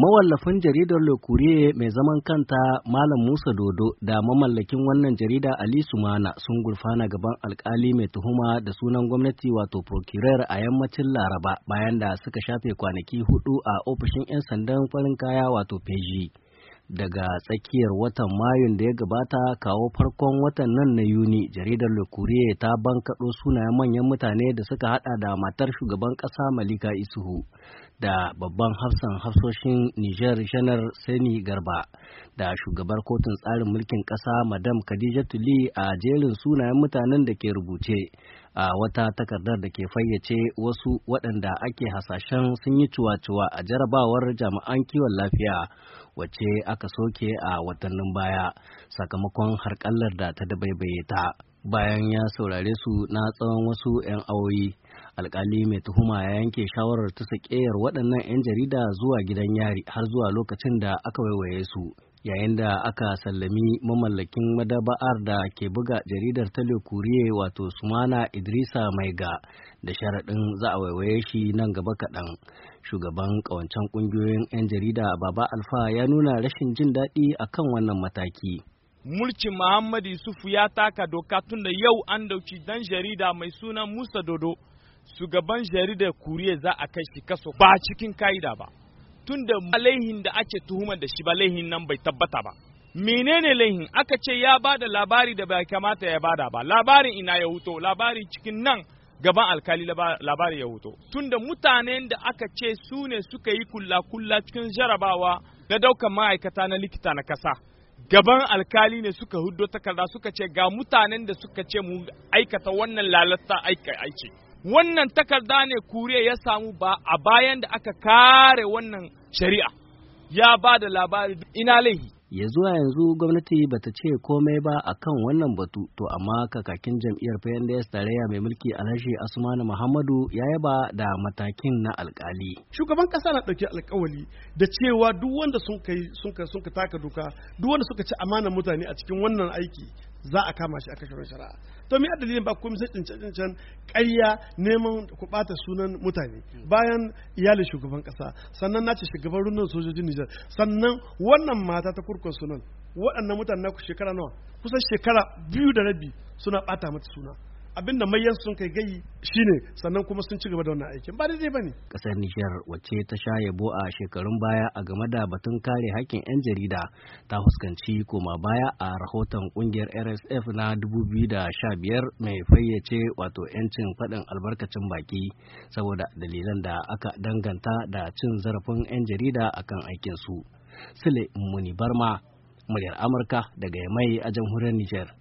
mawallafin jaridar Le mai zaman kanta Malam Musa Dodo da mamallakin wannan jarida Ali Sumana sun gurfana gaban alkali mai tuhuma da sunan gwamnati wato procureur a yammacin Laraba bayan da suka shafe kwanaki hudu a ofishin 'yan sandan farin kaya wato peji. daga tsakiyar watan mayun da ya gabata kawo farkon watan nan na yuni jaridar le ta bankaɗo sunayen manyan mutane da suka hada da matar shugaban ƙasa malika isuhu da babban hafsan hafsoshin niger janar sani garba da shugabar kotun tsarin mulkin ƙasa madam khadija tuli a jerin sunayen mutanen da ke rubuce a wata takardar da ke fayyace wasu waɗanda ake hasashen sun yi cuwa-cuwa a jarabawar jami'an kiwon lafiya wacce aka soke a watannin baya sakamakon harƙallar da ta dabaibaye ta bayan ya saurare su na tsawon wasu 'yan awoyi alkali mai tuhuma ya yanke shawarar ta sakeyar waɗannan 'yan jarida zuwa gidan yari har zuwa lokacin da aka waiwaye su yayin da aka sallami mamallakin madaba'ar da ke buga jaridar tale kuriye wato sumana idrisa maiga da sharaɗin za a waiwaye shi nan gaba kaɗan shugaban ƙawancen ƙungiyoyin 'yan jarida baba alfa ya nuna rashin jin daɗi a kan wannan mataki mulkin muhammadu yusufu ya taka doka tun da yau an dauki dan jarida mai sunan musa dodo shugaban jaridar kuriye za a kai shi kaso ba cikin ka'ida ba tunda laihin da ake tuhumar da shi ba laihin nan bai tabbata ba menene laihin aka ce ya ba da labari da bai kamata ya bada ba labarin ina ya huto labari cikin nan gaban alkali labari ya huto tunda mutanen da aka ce su ne suka yi kulla kulla cikin jarabawa na daukan ma'aikata na likita na kasa gaban alkali ne suka huddo takarda suka ce ga mutanen da suka ce mu aikata wannan lalata aiki wannan takarda ne kure ya samu ba a bayan da aka kare wannan shari'a ya ba da labari ina laihi ya zuwa yanzu gwamnati ba ta ce komai ba akan wannan batu to amma kakakin jam'iyyar PNDS tarayya mai mulki Alhaji Asmanu Muhammadu ya yaba da matakin na alkali shugaban kasa na dauke alkawali da cewa duk wanda sun ka taka doka duk wanda suka ci amanar mutane a cikin wannan aiki za a kama shi a kashe shari'a to me dalilin ba komai sai cancan ƙarya neman ku bata sunan mutane bayan iyalin shugaban kasa sannan na ce shugaban runnan sojojin Nijar sannan wannan mata ta kurkun sunan waɗannan mutane na shekara nawa kusan shekara biyu da rabi suna bata mata suna abin da mayan sun kai gayi shine sannan kuma sun ci gaba da wannan aikin ba daidai bane kasar Nijar wacce ta sha yabo a shekarun baya a game da batun kare hakkin yan jarida ta fuskanci koma baya a rahoton kungiyar RSF na 2015 mai fayyace wato yancin faɗin albarkacin baki saboda dalilan da aka danganta da cin zarafin yan jarida akan aikin su Sule Muni Barma muryar Amurka daga mai a jamhuriyar Nijar